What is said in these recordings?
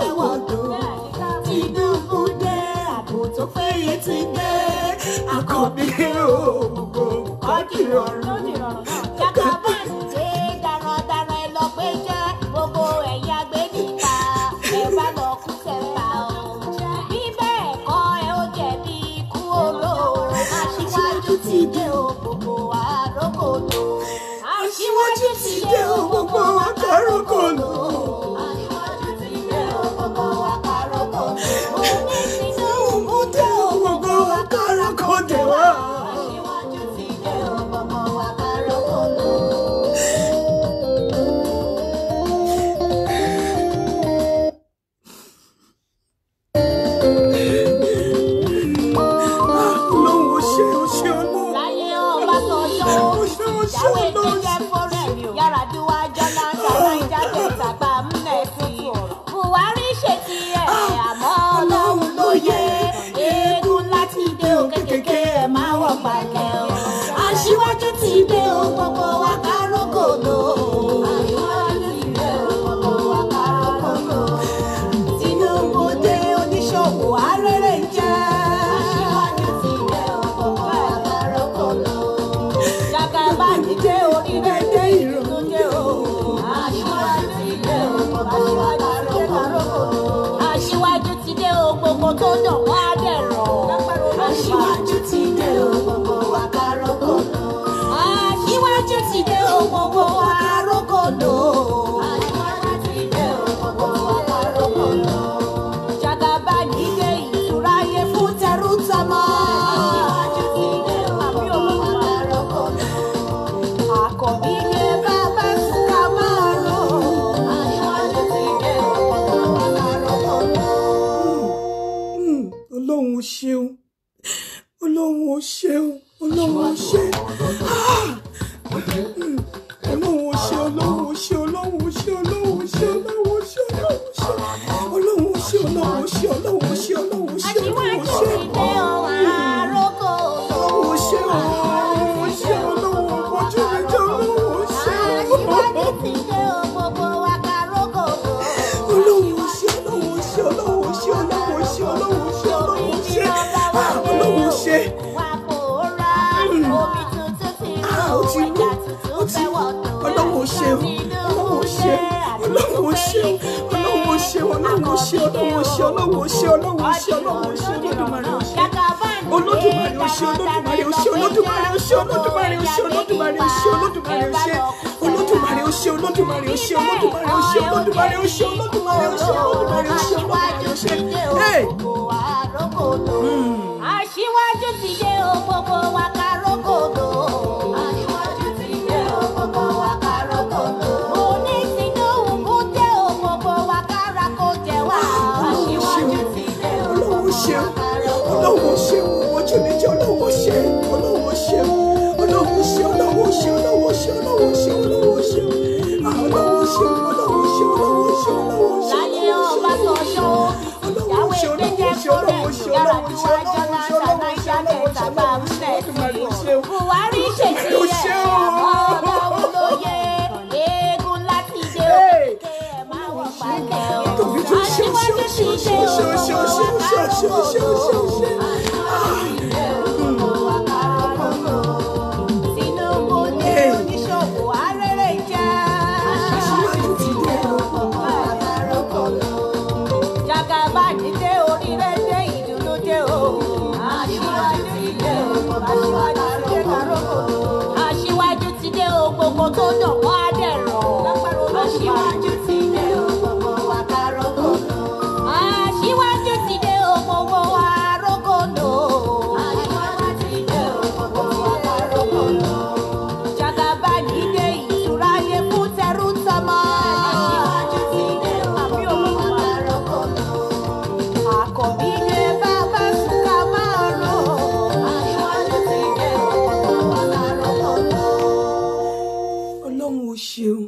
fẹ́ wọ̀dọ̀ Tinubu dé ààbò tó péye ti dé àkànbí òògùn ọdún ọ̀run. dé o gbogbo. ṣe o ọlọ́run ó ṣe ọlọ́run ó ṣe ọlọ́run ó ṣe ọlọ́run ó ṣe ọlọ́run ó ṣe ọlọ́run ó ṣe olódùmarè ó ṣe olódùmarè ó ṣe olódùmarè ó ṣe olódùmarè ó ṣe olódùmarè ó ṣe olódùmarè ó ṣe olódùmarè ó ṣe olódùmarè ó ṣe olódùmarè ó ṣe olódùmarè ó ṣe olódùmarè ó ṣe olódùmarè ó ṣe olódùmarè ó ṣe olódùmarè ó ṣe olódùmarè ó ṣe. aṣíwájú ti dé o gbogbo wa k ṣeun ọlọ́wọ́ ṣeun ojú mi jẹ́ ọlọ́wọ́ ṣeun ọlọ́wọ́ ṣeun ọlọ́wọ́ ṣeun ọlọ́wọ́ ṣeun ọlọ́wọ́ ṣeun ọlọ́wọ́ ṣeun ọlọ́wọ́ ṣeun ọlọ́wọ́ ṣeun ọlọ́wọ́ ṣeun ọlọ́wọ́ ṣeun ọlọ́wọ́ ṣeun. láyé ọba tó ṣó yàwó ìgbẹ́jẹ́ kọ́rẹ́ ìgbàlá tí wọ́n jọ náà ṣàlàyé àgbẹ̀ta bá ń fẹ́ sí i buhari ṣètì ẹ̀ àmọ́ ọ̀gá olóye eégún láti dé òkè ẹ̀ máa wọ̀ pàtẹ́ ọ̀ àdìwọ́n ti ṣe òṣèlú. シュシュシュシュ ọlọ́run ò ṣeun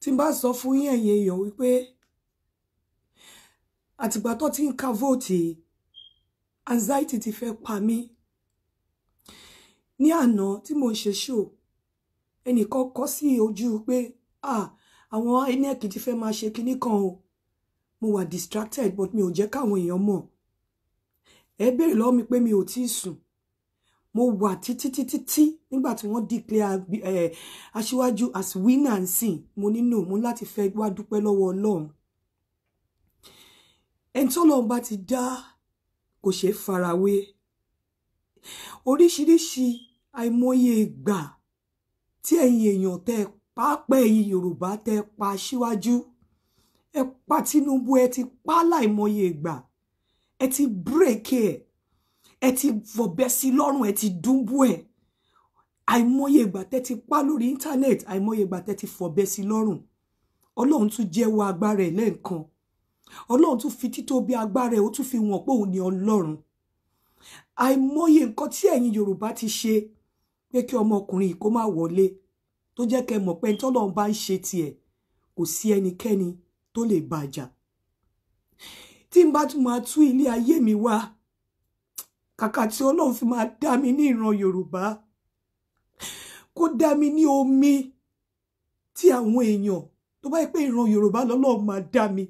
tí n bá sọ fún yín ẹ̀yin èèyàn wípé àtìgbà tó ti ń ka vóòtì anxiety ti fẹ́ pa mí ní àná tí mo ń ṣe ṣò ẹnìkan kọ sí ojú pé àwọn inec ti fẹ́ máa ṣe kinní kan o mo wà distracted but mi ò jẹ́ káwọn èèyàn mọ̀ ẹ béèrè lọ́wọ́ mi pé mi ò tí ì sùn mo wà títí títí tí nígbà tí wọ́n declare eh, aṣíwájú as winner ń sìn mo nínú mo láti fẹ́ wá dúpẹ́ lọ́wọ́ ọlọ́run ẹni tí ọlọ́run bá ti dá kò ṣeé farawé oríṣiríṣi àìmọye ìgbà tí ẹ̀yin èèyàn tẹ́ pápẹ́ ẹ̀yin yorùbá tẹ́ pa aṣíwájú ẹ pa Tinubu ẹ ti pa láìmọye ìgbà ẹ ti bírèkì ẹ̀ e ẹ ti fọ̀bẹ sí lọ́rùn ẹ ti dúnbú ẹ̀ àìmọye ìgbà tẹ́ ti pa lórí internet àìmọye ìgbà tẹ́ ti fọ̀bẹ sí lọ́rùn ọlọ́run tún jẹ́wọ́ agbára ẹ̀ lẹ́ẹ̀kan ọlọ́run tún fi títóbi agbára ẹ̀ ó tún fi wọ̀n pé òun ni ọlọ́run àìmọye nǹkan tí ẹ̀yin yorùbá ti ṣe pé kí ọmọkùnrin yìí kó má wọlé tó jẹ́ kẹ́ mọ̀ pé ẹni tọ́lọ́run bá ń ṣe tiẹ̀ kò sí ẹnikẹ́ni tó lè bàjà tí n bá tún máa tú ilé ayé mi wá kàkà tí ọlọ́run fi máa dá mi ní ìran yorùbá kó dá mi ní omi tí àwọn èèyàn tó bá yẹ pé ìran yorùbá lọ́lọ́run máa dá mi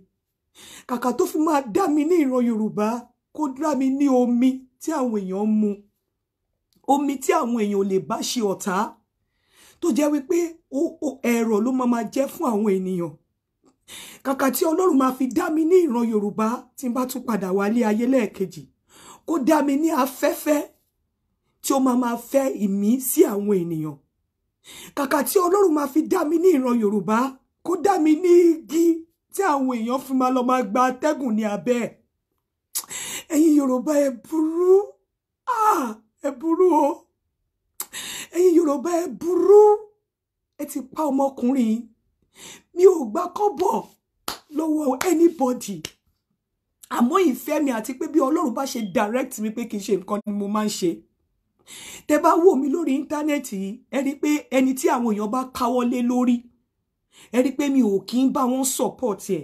kàkà tó fi máa dá mi ní ìran yorùbá kó dá mi ní omi tí àwọn èèyàn mu omi tí àwọn èèyàn ò lè bá ṣe ọ̀tá tó jẹ́ wípé ẹ̀rọ ló máa máa jẹ́ fún àwọn ènìyàn kàkà tí ọlọ́run máa fi dá mi ní ìran yorùbá tí n bá tún padà wálé ayé lẹ́ẹ̀kejì kó dá mi ní afẹ́fẹ́ tí ó máa máa fẹ́ ìmí sí àwọn ènìyàn kàkà tí ọlọ́run máa fi dá mi ní ìran yorùbá kó dá mi ní igi tí àwọn èèyàn fi máa lọ máa gba atẹ́gùn ní abẹ́ ẹ̀yin yorùbá ẹ burú ah, ẹ burú o ẹ̀yin yorùbá ẹ burú ẹ ti pa ọmọkùnrin mi ò gbà kọ́bọ̀ lọ́wọ́ anybody àmọ́ ìfẹ́ mi àti pé bí ọlọ́run bá ṣe direct mi pé kì í ṣe nǹkan ni mo máa ń ṣe tẹ bá wò mí lórí íńtánẹ́ẹ̀tì yìí pé ẹni tí àwọn èèyàn bá káwọ́ lé lórí ẹ pé mi ò kí ń bá wọn support ẹ̀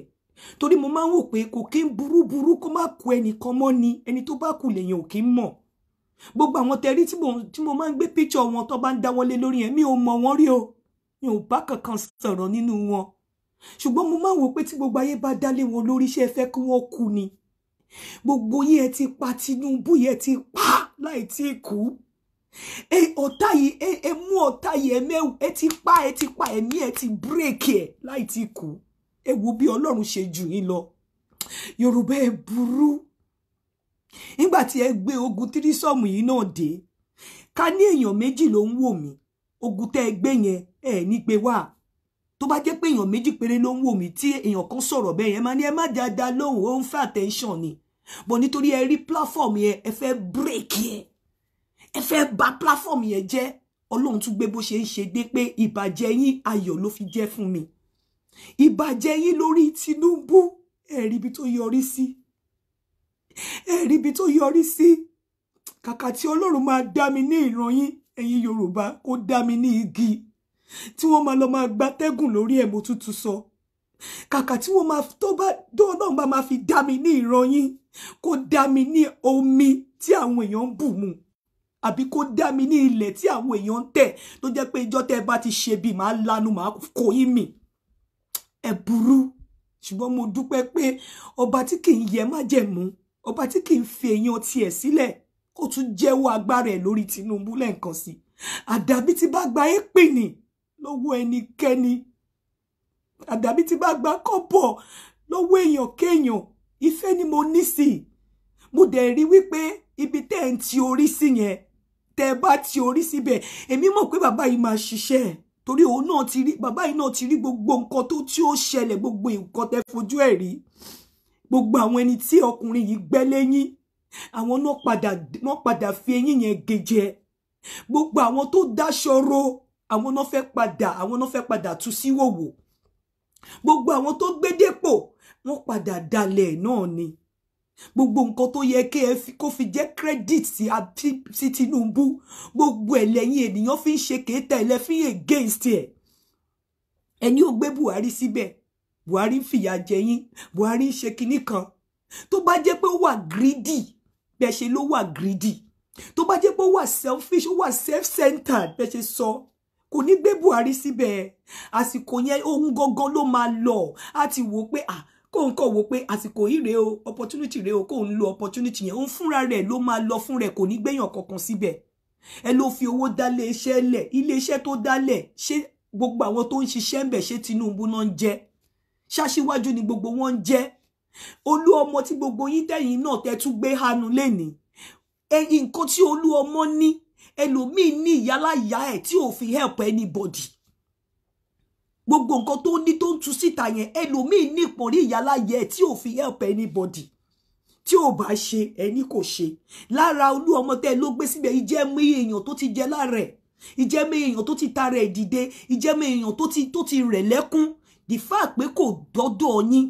torí mo máa ń wò pé kò kí ń burúburú kó má ku ẹnìkan mọ́ ni ẹni tó bá kù lèèyàn ò kí ń mọ̀ gbogbo àwọn tẹrí tí mo máa ń gbé picture wọn tó bá ń dá lé lórí yẹn mi ò mọ̀ wọ́n rí o mi ò bá kankan sọ̀rọ̀ nínú wọn ṣùgbọ́n mo máa ń wò pé tí gbogbo ayé bá dálé wọn lórí ṣé fẹ́ kí wọ́n kú ni gbogbo yín ẹ ti pa Tinubu yẹn ti pa láì tí kú ẹ ọ̀tá yìí ẹ ẹ mú ọ̀tá yìí ẹ ti pa ẹ ti pa ẹ̀mí ẹ ti bírèkì ẹ láì tí kú ẹ wo bí Ọlọ́run ṣe jù yín lọ Yorùbá ẹ burú nígbà tí ẹ gbé ogun tírísọ̀mù yìí náà dé ká ní èèyàn méjì ló ń wò mí ogun tẹ́ ẹ gbé yẹn ẹ ní gbé wá tó bá jẹ́ pé èèyàn méjì péré ló ń wò mí tí èèyàn kan sọ̀rọ̀ bẹ́ẹ̀ yẹn máa ní ẹ má dáadáa lóhùn ó ń fẹ́ attention ni bọ̀ nítorí ẹ rí platform yẹn ẹ fẹ́ break yẹn ẹ fẹ́ bà platform yẹn jẹ́ ọlọ́run tún gbé bó ṣe ń ṣe dé pé ìbàjẹ́ yín ayọ̀ ló fi jẹ́ fún mi ìbàjẹ́ yín lórí Tinubu ẹ̀rí ibi tó yọrí sí ẹ̀rí ibi tó yọrí sí kàkà tí ọlọ́run máa dá mi ní ìran yín ẹ̀yin Yorùbá kó dá mi ní igi tí wọ́n máa lọ máa gbatẹ́gùn lórí ẹ̀ mo tútù sọ kàkà tí wọ́n máa tó bá dọ́ọ̀dọ́ọ̀ bá máa fi dá mi ní ìrọyín kó dá mi ní omi tí àwọn èèyàn ń mu àbí kó dá mi ní ilẹ̀ tí àwọn èèyàn ń tẹ̀ tó jẹ́ pé ìjọ́ tẹ́ bá ti ṣe bí màá lanu màá kó yín mì ẹ̀ burú ṣùgbọ́n mo dúpẹ́ pé ọba tí kì í yẹ májẹ̀mú ọba tí kì í fi èèyàn tiẹ̀ sílẹ̀ ó tún jẹ́wọ́ agbára ẹ̀ lórí Tinubu lẹ́ǹkan sí àdàbí ti bá gba é pè ní lọ́wọ́ ẹnikẹ́ni àdàbí tí bá gba kọ́bọ̀ lọ́wọ́ èèyàn kéèyàn ìfẹ́ ni mo ní sí i mo dẹ̀ rí wípé ibi tẹ́ ẹ̀ ń ti orí sí yẹn tẹ́ ẹ bá ti orí síbẹ̀ èmi mọ̀ pé bàbá yìí máa ṣiṣẹ́ torí òun náà ti rí bàbá yìí náà ti rí gbogbo nǹkan tó tí ó ṣẹlẹ̀ gbogbo nǹkan tẹ́ fojú ẹ̀ rí gbogbo àwọn ẹni tí ọkùnrin yìí gbẹ́ lẹ́yìn àwọn náà padà fi eyín yẹn gèjẹ gbogbo àwọn tó dáṣọro àwọn náà fẹ́ padà àwọn náà fẹ́ padà tú síwòwò gbogbo àwọn tó gbé dépò wọ́n padà dalẹ̀ náà ni gbogbo nǹkan tó yẹ kí ẹ kó fi jẹ́ credit sí si Tinubu gbogbo ẹ̀ lẹ́yìn ènìyàn fi ń ṣe kéétà ẹ̀ lẹ́fín against ẹ̀ ẹni ò gbé Buhari síbẹ̀ Buhari ń fìyà jẹ yín Buhari ń ṣe kinní kan tó bá jẹ́ pé ó wà greedy bẹ́ẹ̀ ṣe ló wà greedy tó bá jẹ́ pé ó wà selfish ó wà self-centered bẹ́ẹ̀ ṣe sọ kò ní gbé Buhari síbẹ̀ àsìkò yẹn ohun gangan ló máa lọ á ti wò pé ah kóun kọ̀ wò pé àsìkò yìí rèé o opportunity rèé o kóun lo opportunity yẹn òun fúnra rẹ̀ ló máa lọ fún rẹ̀ kò ní gbéyàn kankan síbẹ̀ ẹ ló fi owó dálé iṣẹ́ lẹ̀ iléeṣẹ́ tó dálẹ̀ ṣé gbogbo àwọn tó ń ṣiṣẹ́ ń bẹ̀ ṣé Tinubu náà ń jẹ́ ṣáṣíwájú ni gbogbo wọn ń jẹ́ olú ọmọ tí gbogbo yín tẹ̀yìn náà tẹ́ tún gbé hanu lénìí nǹkan tí olú ọmọ ní ẹlòmíì ní ìyáláyà ẹ̀ ti ò fi help anybody gbogbo nǹkan tó ní tó ń tú síta yẹn ẹlòmíì ní ìpọ̀nrí ìyáláyà ẹ̀ tí ò fi help anybody Ti ò bá ṣe ẹni kò ṣe lára olú ọmọ tẹ́ ló gbé síbẹ̀ ìjẹ́ mú èèyàn tó ti jẹ lára ẹ̀ ìjẹ́ mú èèyàn tó ti tara ẹ̀ dìde ìjẹ́ mú èèyàn tó ti rẹ̀ lẹ́kún the fact pé kò dọ́dọ̀ yín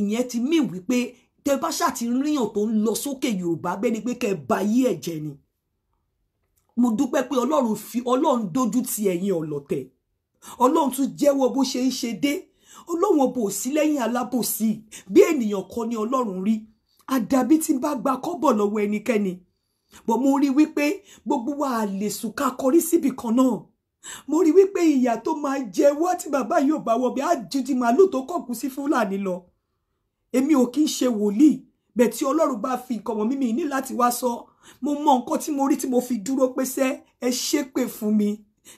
ìyẹn ti mí wípé tẹ bá ṣàtìríyàn tó ń lọ sókè yorùbá bẹ́ni pé kẹ bá yí ẹ̀jẹ̀ ni mo dúpẹ́ pé ọlọ́run fi ọlọ́run dójú ti ẹ̀yin ọ̀lọ̀tẹ̀ ọlọ́run tún jẹ́wọ́ bó ṣe ń ṣe dé ọlọ́run ọbọ̀ òsí lẹ́yìn alábòsí bí ènìyàn kan ni ọlọ́run rí àdàbí tí n bá gba kọ́bọ̀ lọ́wọ́ ẹnikẹ́ni bọ̀ mo rí wípé gbogbo wa lè sùn ká kọrí síbì kan náà mo rí wípé ìyà tó máa jẹ wá tí bàbá yóò bá wọ bí àjèjì màálù tó kọ̀kú sí fúlàní lọ èmi ò kí ń ṣe wòlíì bẹ́ẹ̀ tí ọlọ́run bá fi nǹkan mọ̀ mímì ní láti wá sọ mo mọ nǹkan tí mo rí tí mo fi dúró pé sẹ́ ẹ ṣépè fún mi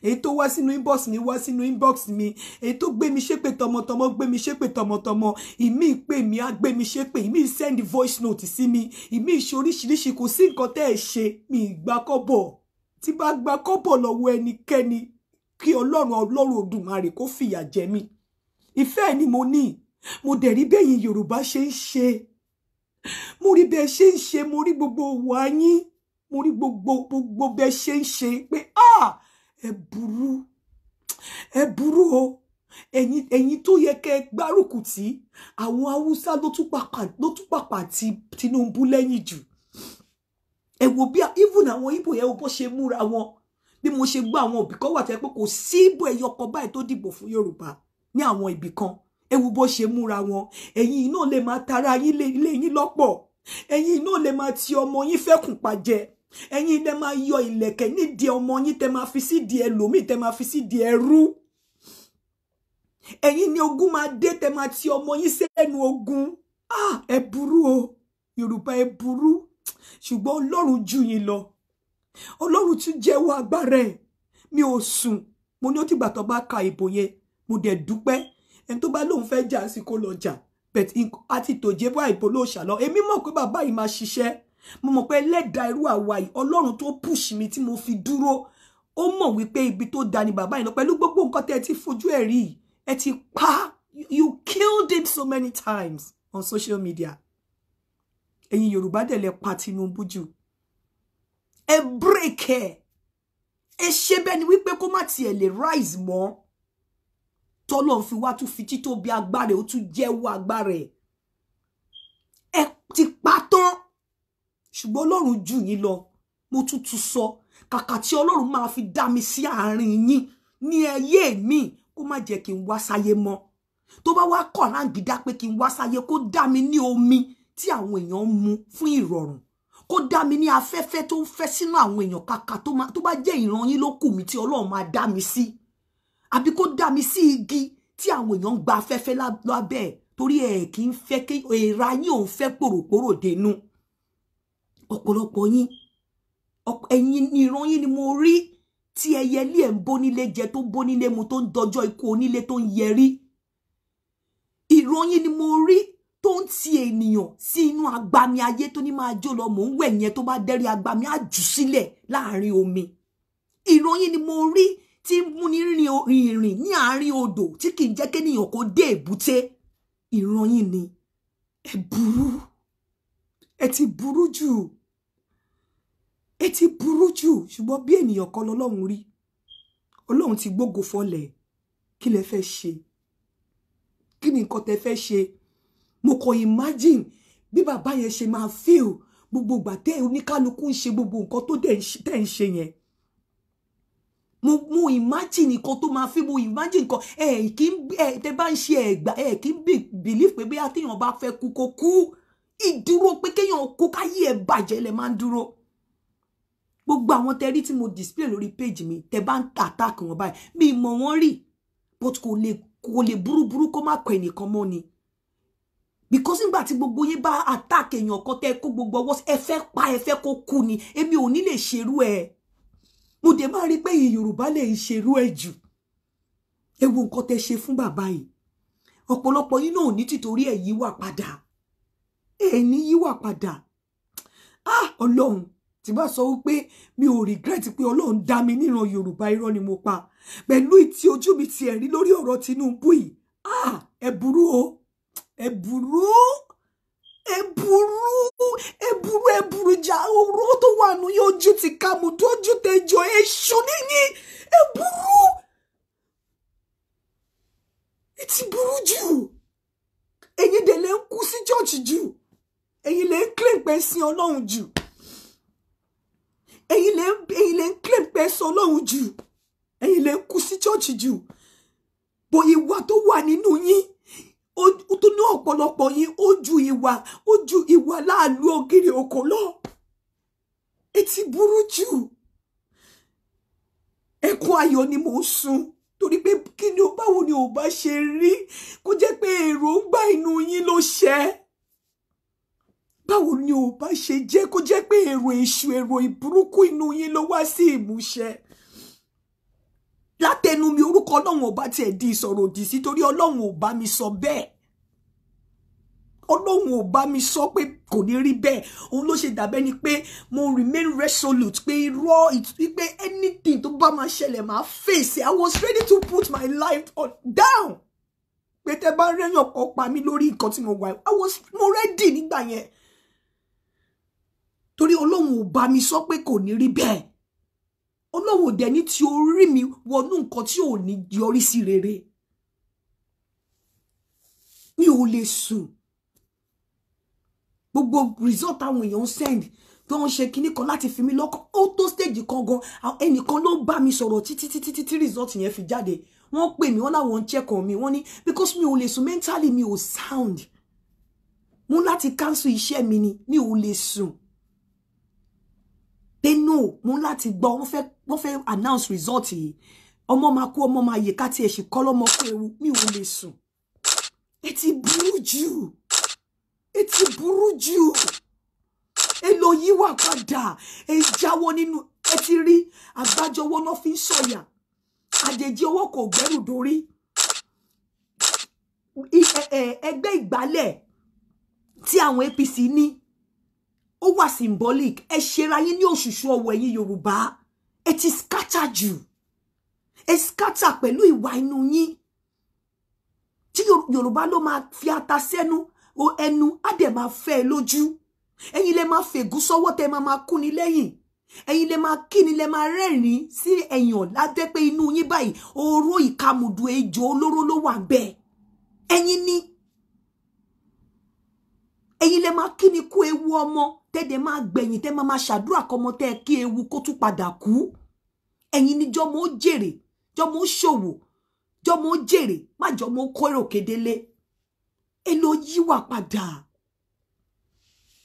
èyí tó wá sínú inbox mi wá sínú inbox mi èyí tó gbé mi ṣépè tọmọtọmọ gbé mi ṣépè tọmọtọmọ ìmí ìpè mi á gbé mi ṣépè ìmí send voice note sí mi ìmí ìṣe oríṣiríṣi kò sí nǹkan tẹ́ ẹ ṣe mi ìgbà kọ́bọ̀ tí bá gba kọ́bọ̀ lọ́wọ́ ẹnikẹ́ni kí ọlọ́run ọlọ́run òdùmarè kó fìyà jẹ mí ìfẹ́ ni mo ní mo dẹ̀ rí bẹ́yìn yorùbá ṣe ń ṣe mo rí bẹ́ẹ̀ ṣe ń ṣe mo rí gbogbo òwà yín mo rí gbogbo gbogbo bẹ́ẹ̀ ṣe ń ṣe pé ah ẹ burú ẹ burú o ẹ̀yin ẹ̀yin tó yẹ kẹ́ gbárùkù tí àwọn haúsá ló tún pàpà ló tún pàpà tí Tinubu lẹ́yìn jù ẹ wo bí even àwọn ibo yẹn bó ṣe múra wọn bí mo ṣe gbọ́ àwọn òbí kan wà tó yẹ pé kò sí ibo ẹyọ kan báyìí tó dìbò fún Yorùbá ní àwọn ibì kan ewu bó ṣe múra wọn ẹ̀yin iná lè máa tara ilé yín lọ́pọ̀ ẹ̀yin iná lè máa ti ọmọ yín fẹ́kùn pàjẹ́ ẹ̀yin lè máa yọ ìlẹ̀kẹ̀ nídìí ọmọ yín tẹ máa fi sídìí ẹlòmíì tẹ máa fi sídìí ẹrú ẹ̀yin ni ogun máa dé tẹ máa ti ọmọ yín sẹ́nu ogun ah ẹ burú o yorùbá ẹ burú ṣùgbọ́n ọlọ́run jù yín lọ ọlọ́run tún jẹ́wọ́ agbára ẹ̀ mi ò sùn mo ní ó tìgbà tó bá ka ìbò yẹn mo dẹ̀ dúpẹ́ ẹni tó bá lóun fẹ́ jà sí kó lọ jà but àti tòjébọ àìbò ló ṣàlọ èmi mọ̀ pé bàbá yìí máa ṣiṣẹ́ mo mọ̀ pé ẹlẹ́dàá irú àwa yìí ọlọ́run tó push mi tí mo fi dúró ó mọ̀ wípé ibi tó da ni bàbá yìí lọ pẹ̀lú gbogbo nǹkan tẹ́ ẹ ti fojú ẹ̀ rí ẹ ti pa you killed it so many times on social media ẹ̀yin yorùbá dẹ̀ lẹ pa Tinubu jù ẹ break ẹ ẹ ṣe bẹ́ẹ̀ ni wípé kó má tiẹ̀ lè rise more tọ́lọ́run fi wá tún fi títóbi agbára ẹ̀ ó tún jẹ́wọ́ agbára ẹ̀ ẹ ti pa tán ṣùgbọ́n ọlọ́run jù yín lọ mo tún tún sọ kàkà tí ọlọ́run máa fi dá mi sí àárín yín ní ẹyé mi kó má jẹ́ kí n wá sáyé mọ́ tó bá wá kọ̀ ráǹgídá pé kí n wá sáyé kó dá mi ní omi tí àwọn èèyàn ń mu fún ìrọ̀rùn kó dá mi ní afẹ́fẹ́ tó ń fẹ́ sínú àwọn èèyàn kàkà tó bá jẹ́ ìran yín ló kù tí ọlọ́run máa dá mi sí. Si àbí kó dà mí sí igi tí àwọn èèyàn ń gba afẹ́fẹ́ lábẹ́ ẹ̀ torí ẹ̀ kì í fẹ́ kí èèrà yín ò ń fẹ́ pòròpórò dénú ọ̀pọ̀lọpọ̀ yín ẹ̀yin ìran yín ni mo rí tí ẹyẹlé ẹ̀ ń bó nílé jẹ tó bó nílé mu tó ń dọjọ́ ikú onílé tó ń yẹrí ìran yín ni mo rí tó ń ti ènìyàn sí inú agbami ayé tó ní máa jó lọ mò ń wẹ̀ yẹn tó bá dẹ́rí agbami á jù sílẹ̀ láàrin omi ìran yín ni mo rí tí múni rìnrìn ní àárín odò tí kì í jẹ́ kéèyàn kó dé èbúté ìran yín ni ẹ burú ẹ ti burú jù ẹ ti burú jù ṣùgbọ́n bí ènìyàn kan lọ́lọ́run rí ọlọ́run ti gbógo fọlẹ̀ kí lẹ fẹ́ ṣe kí ni nǹkan tẹ fẹ́ ṣe mo kàn imagine bí bàbá yẹn ṣe máa feel gbogbo ìgbà tẹ oníkálukú ń ṣe gbogbo nǹkan tó tẹ̀ ń ṣe yẹn mo mo imagine nǹkan tó máa fi mo imagine nǹkan ẹ kì í ẹ tẹ bá ń ṣe ẹgbà ẹ kì í believe pé bóyá téèyàn bá fẹ́ kú kó kú ìdúró pé kéèyàn kó káyé ẹ bàjẹ́ lẹ máa ń dúró gbogbo àwọn tẹrí tí mo display lórí page mi tẹ bá ń attack wọn báyìí mi mọ̀ wọ́n rí but kò lè kò lè burúburú kó má pẹ́ nìkan mọ́ ni because nígbà tí gbogbo yín bá attack èèyàn kan tẹ kó gbogbo ọwọ́ ẹ fẹ́ pa ẹ fẹ́ kó kú ni èmi ò ní lè ṣerú ẹ̀ mo dẹ̀ máa rí pé ìyí yorùbá lè ṣerú ẹ̀ jù ẹ wo nǹkan tẹ ṣe fún bàbá yìí ọ̀pọ̀lọpọ̀ yín náà ò ní tìtorí ẹ̀ yíwà padà ẹ̀ ní yíwà padà ah ọlọ́run tí bá sọ wípé mi ò regret pé ọlọ́run dá mi níran yorùbá irọ́ ni mo pa pẹ̀lú ìtì ojú mi ti ẹ̀rí lórí ọ̀rọ̀ tinubu yìí ah ẹ burú o ẹ burú ẹ burú ẹ̀bùrú ẹ̀bùrú jà oró tó wà nù yóò ju ti kàmù tó ju tẹjọ èṣù nìyí ẹ̀bùrú ti buru jù ẹ̀yin dẹ̀ lè ń kú sí chọ́ọ̀chì jù ẹ̀yin lè ń claim pé sin ọlọ́run jù ẹ̀yin lè ẹ̀yin lè ń claim pé sin ọlọ́run jù ẹ̀yin lè ń kú sí chọ́ọ̀chì jù bó ìwà tó wà nínú yín tó ní ọ̀pọ̀lọpọ̀ yín ó ju ìwà ju ìwà láàlú ògiri oko lọ etí burú jù ẹkún ayọ̀ ni mò ń sun torí pé kí ni báwo ni ò bá ṣe rí kó jẹ́ pé èròǹgbà inú yín ló ṣẹ báwo ni ò bá ṣe jẹ́ kó jẹ́ pé èrò èṣù èrò ìburúkú inú yín ló wá sí ìmúṣẹ látẹnu mi orúkọ Ọlọ́run ò bá di ìsọ̀rọ̀ òdì sí torí Ọlọ́run ò mi sọ bẹ́ẹ̀ ọlọ́run ò bá mi sọ pé kò ní rí bẹ́ẹ̀ òun ló ṣe dàbẹ́ ni pé mo remain resolute pé irọ́ pé anything tó bá máa ṣẹlẹ̀ máa fèsì i was ready to put my life down pé tẹ bá rẹ́yàn kọ́ pa mí lórí nǹkan tí mo wà i was mo ready nígbà yẹn torí ọlọ́run ò bá mi sọ pé kò ní rí bẹ́ẹ̀ ọlọ́run ò dẹ̀ ní ti orí mi wọnú nǹkan tí ò ní yọrí sí rere mi ò lè sùn gbogbo result àwọn èèyàn ń send tó ń ṣe kinní kan láti fi mí lọ́kàn ó tó stage kan gan ẹnìkan ló bá mi sọ̀rọ̀ títí títí títí result yẹn fi jáde wọ́n pè mí wọ́n láwọn check on mi wọ́n ní because mi ò lè sùn mentally mi ò sound mo láti cancel iṣẹ́ mi ni mi ò lè sùn they know mo láti gbọ́ wọ́n fẹ́ wọ́n fẹ́ announce result yìí ọmọ máa kú ọmọ máa yè ká tiẹ̀ sì kọ́ lọ́mọ kó ewu mi ò lè sùn ẹ ti burú jù ètì burú jù èlò yìí wà padà ẹ jáwọ́ nínú ẹ ti rí àgbájọ ọwọ́ náà fi ń sọ̀yà àjèjì ọwọ́ kò gbẹ́rù dórí ẹgbẹ́ ìgbálẹ̀ tí àwọn APC ní ó wà symbolic ẹ ṣera yín ní òṣùṣù ọwọ́ ẹ̀yin Yorùbá ẹ ti scatter jù ẹ scatter pẹ̀lú ìwà inú yín tí Yorùbá ló máa fi ata sẹ́nu o ẹnu á dẹ̀ máa fẹ́ ẹ lójú ẹ̀yin lè máa fègún sọ́wọ́ tẹ́ máa máa kúni lẹ́yìn ẹ̀yin lè máa kíni lè máa rẹ́rìn-ín sí ẹ̀yàn lájẹ́ pé inú yín báyìí oró ìkàmùdù ejò olóró ló wà bẹ́ẹ̀ ẹ̀yin ni ẹ̀yin lè máa kíni kú ewu te de ma gbẹ̀yìn te máa máa ṣàdúrà kọ́mọ tẹ́ kí ewu kó tún padà kú ẹ̀yin ni jọmọ ó jèrè jọmọ ó ṣòwò jọmọ ó jèrè má jọmọ ó kó kedele ẹ lọ yíwà padà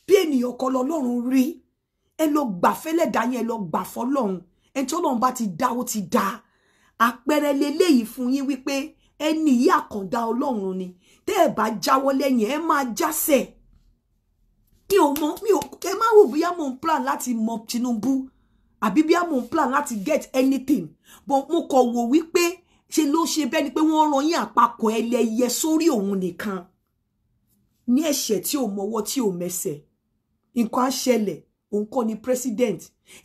bí ènìyàn kan lọ́lọ́run rí ẹ lọ gbàfẹ́lẹ́dà yẹn ẹ lọ gbà ẹni tí ọlọ́run bá ti dá ó ti dá àpẹẹrẹ leléyìí fún yín wípé ẹni yìí àkàndá ọlọ́run ni tẹ́ ẹ bá jáwọ́ lẹ́yìn ẹ máa jásẹ̀ mi ò mọ mi ò ẹ má wò bóyá mò ń plan láti mọ Tinubu àbí bóyá mò ń plan láti get anything but mo kàn wò wípé ṣe ló ṣe bẹ́ẹ̀ ni pé wọ́n ran àpapọ̀ ẹlẹ́yẹ sórí òun nìkan ní ẹ̀ṣẹ̀ tí ò mọwọ́ tí ò mẹsẹ̀ nǹkan á ṣẹlẹ̀ òun kọ́ ni president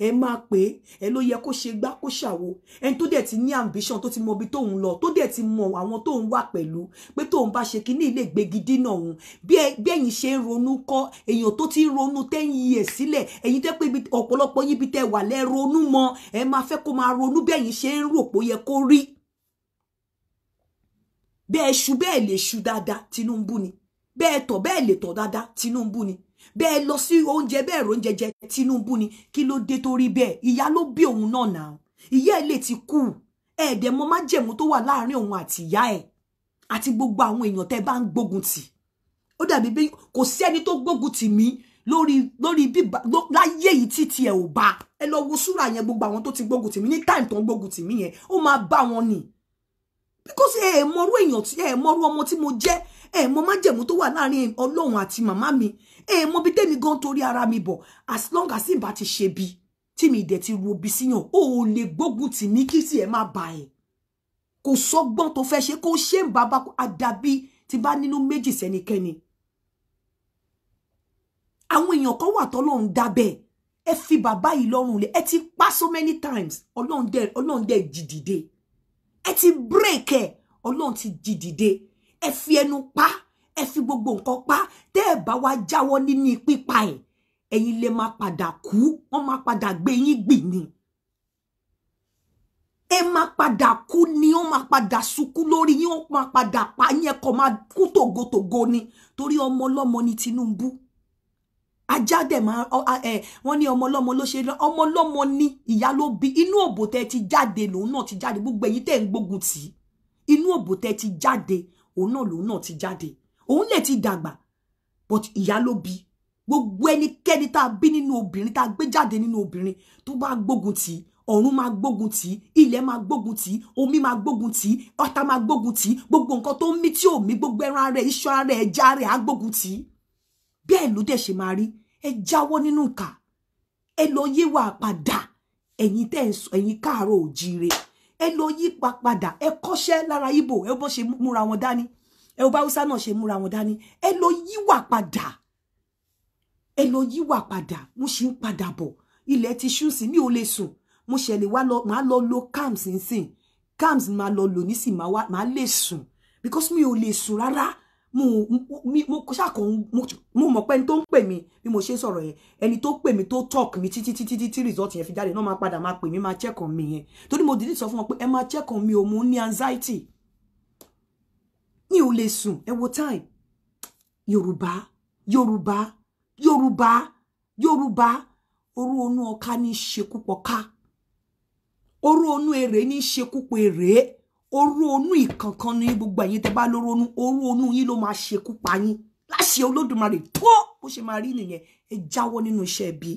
ẹ máa pè é ẹ ló yẹ kó ṣe gbá kó ṣàwo ẹni tó dẹ̀ ti ní ambition tó ti mọ ibi tóun lọ tó dẹ̀ ti mọ àwọn tóun wà pẹ̀lú pé tóun bá ṣe kínní ilé gbégi dínà òun bí ẹ̀yin ṣe ń ronú kọ́ èèyàn tó ti ń ronú tẹ́yìn iyè sílẹ̀ ẹ̀yin tẹ́ pé ọ̀pọ̀lọpọ̀ yíbi tẹ́ wà lẹ́ ronú mọ́ ẹ máa fẹ́ kó máa ronú bí ẹ̀yin ṣe ń rò pó yẹ kó rí bẹ́ẹ̀ ṣu bẹ́ẹ̀ lè ṣu dáadáa Tinubu ni bẹ́ẹ̀ tọ̀ bẹ́ẹ̀ lè tọ̀ dáadáa Tinubu ni bẹ́ẹ̀ lọ sí oúnjẹ bẹ́ẹ̀ róúnjẹ jẹ Tinubu ni kí ló dé torí bẹ́ẹ̀ ìyá ló bí òun náà nà ìyá ẹ̀ lè ti kú ẹ̀ẹ́dẹ̀ mọ májẹ̀mú tó wà láàárín òun àti ìyá ẹ̀ àti gbogbo àwọn èèyàn tẹ́ bá ń gbógun tì ó dàbí bí kò sí ẹni tó gbógun tì mí lórí lórí bíbá láyé yìí títí ẹ ò bá ẹ lọ wo súrà yẹn gbogbo àwọn tó ti gbógun tì mí ní táìmù tó ń gbógun tì mí yẹn ó máa bá wọn nì because ẹ ẹ mọrú èèyàn ẹ ẹ mọrú ọmọ tí mo jẹ́ ẹ mọ májẹ̀mú tó wa láàrin Ọlọ́run àti màmá mi ẹ mọ bí tèmi gan torí ara mi bọ̀ as long as ìbá ti ṣe bí tí mi dẹ̀ ti ro bí síyàn ó lè gbógun tì mí kí sì ẹ má bà ẹ́ kò sọ́gbọ́n tó fẹ́ ṣe kó ṣe baba bàbá àdàbí ti bá nínú méjì sẹ́nikẹ́ni àwọn èèyàn kan wà tọ́lọ́run dábẹ́ ẹ fi bàbá yìí lọ́rùn lé ẹ ti pa so many times ọlọ́run de, ọlọ́run de jìdìde ẹ ti break ẹ ọlọ́run ti jìdìde ẹ fi ẹnu pa ẹ fi gbogbo nǹkan pa tẹ́ ẹ bá wá jáwọ́ nínú pípa ẹ̀ ẹ̀yin lè máa padà kú wọ́n máa padà gbé yín gbìn ni ẹ máa padà kú ni ó máa padà sunkún lórí yín ó máa padà pa yín ẹ kò máa kú tògótògó ni torí ọmọ ọlọ́mọ ni Tinubu ajá dẹ̀ máa ẹ wọ́n ní ọmọ ọlọ́mọ ló ṣe ọmọ ọlọ́mọ ni ìyá ló bí inú òbò tẹ́ ti jáde lòun náà ti jáde gbogbo ẹ̀yin tẹ́ ń gbógun tì inú òbò tẹ́ ti jáde òun náà lòun náà ti jáde òun lè ti dàgbà but ìyá ló bí gbogbo ẹnikẹ́ni tá a bí nínú obìnrin tá a gbé jáde nínú obìnrin tó bá gbógun tì í ọ̀run máa gbógun tì í ilẹ̀ máa gbógun tì í omi máa gbógun tì í ọ̀tá máa gbógun tì í gbogbo nǹkan tó ń mí tí ò mí gbogbo ẹran rẹ̀ iṣan rẹ̀ ẹja rẹ̀ á gbógun tì í bẹ́ẹ̀ ló dẹ̀ ṣe máa rí ẹ jáwọ́ nínú ìkà ẹ lọ yéwà padà ẹ̀yin tẹ́ ẹ̀ sọ ẹ̀yin káàárọ̀ òjíire ẹ lọ yí padà ẹ kọ́ṣẹ́ lára Ìgbò ẹ bọ́ ṣe múra wọn dání ẹ bá Haúsá náà ṣe múra wọn dání ẹ lọ yíwà padà ẹ lọ yíwà padà mo ṣì ń padà bọ̀ ilẹ̀ ti ṣú sí mi ò lè sùn mo ṣẹlẹ̀ wá lọ màá lọ lo cams nsìn cams màá lọ lò nísìn màá lè sùn because mi ò lè sùn rárá mo ṣàkó mo mọ̀ pé ẹni tó ń pè mí bí mo ṣe ń sọ̀rọ̀ yẹn ẹni tó pè mí tó talk mi títí títí títí result yẹn fi jáde náà máa padà máa pè mí máa check on mi yẹn torí mo dìde sọ fún wọn pé ẹ máa check mi o mo ní anxiety mi ò lè sùn ẹ wo time yorùbá yorùbá yorùbá yorùbá orú onú ọká ní í ṣekú pọká orú onú èrè ní í ṣekú pọ èrè orú onú ìkankan ní gbogbo ẹ̀yin tẹ́ bá lóró onú orú onú yín ló máa ṣekú pa yín láṣẹ olódùmarè tó bó ṣe máa rí nìyẹn ẹ jáwọ́ nínú iṣẹ́ bíi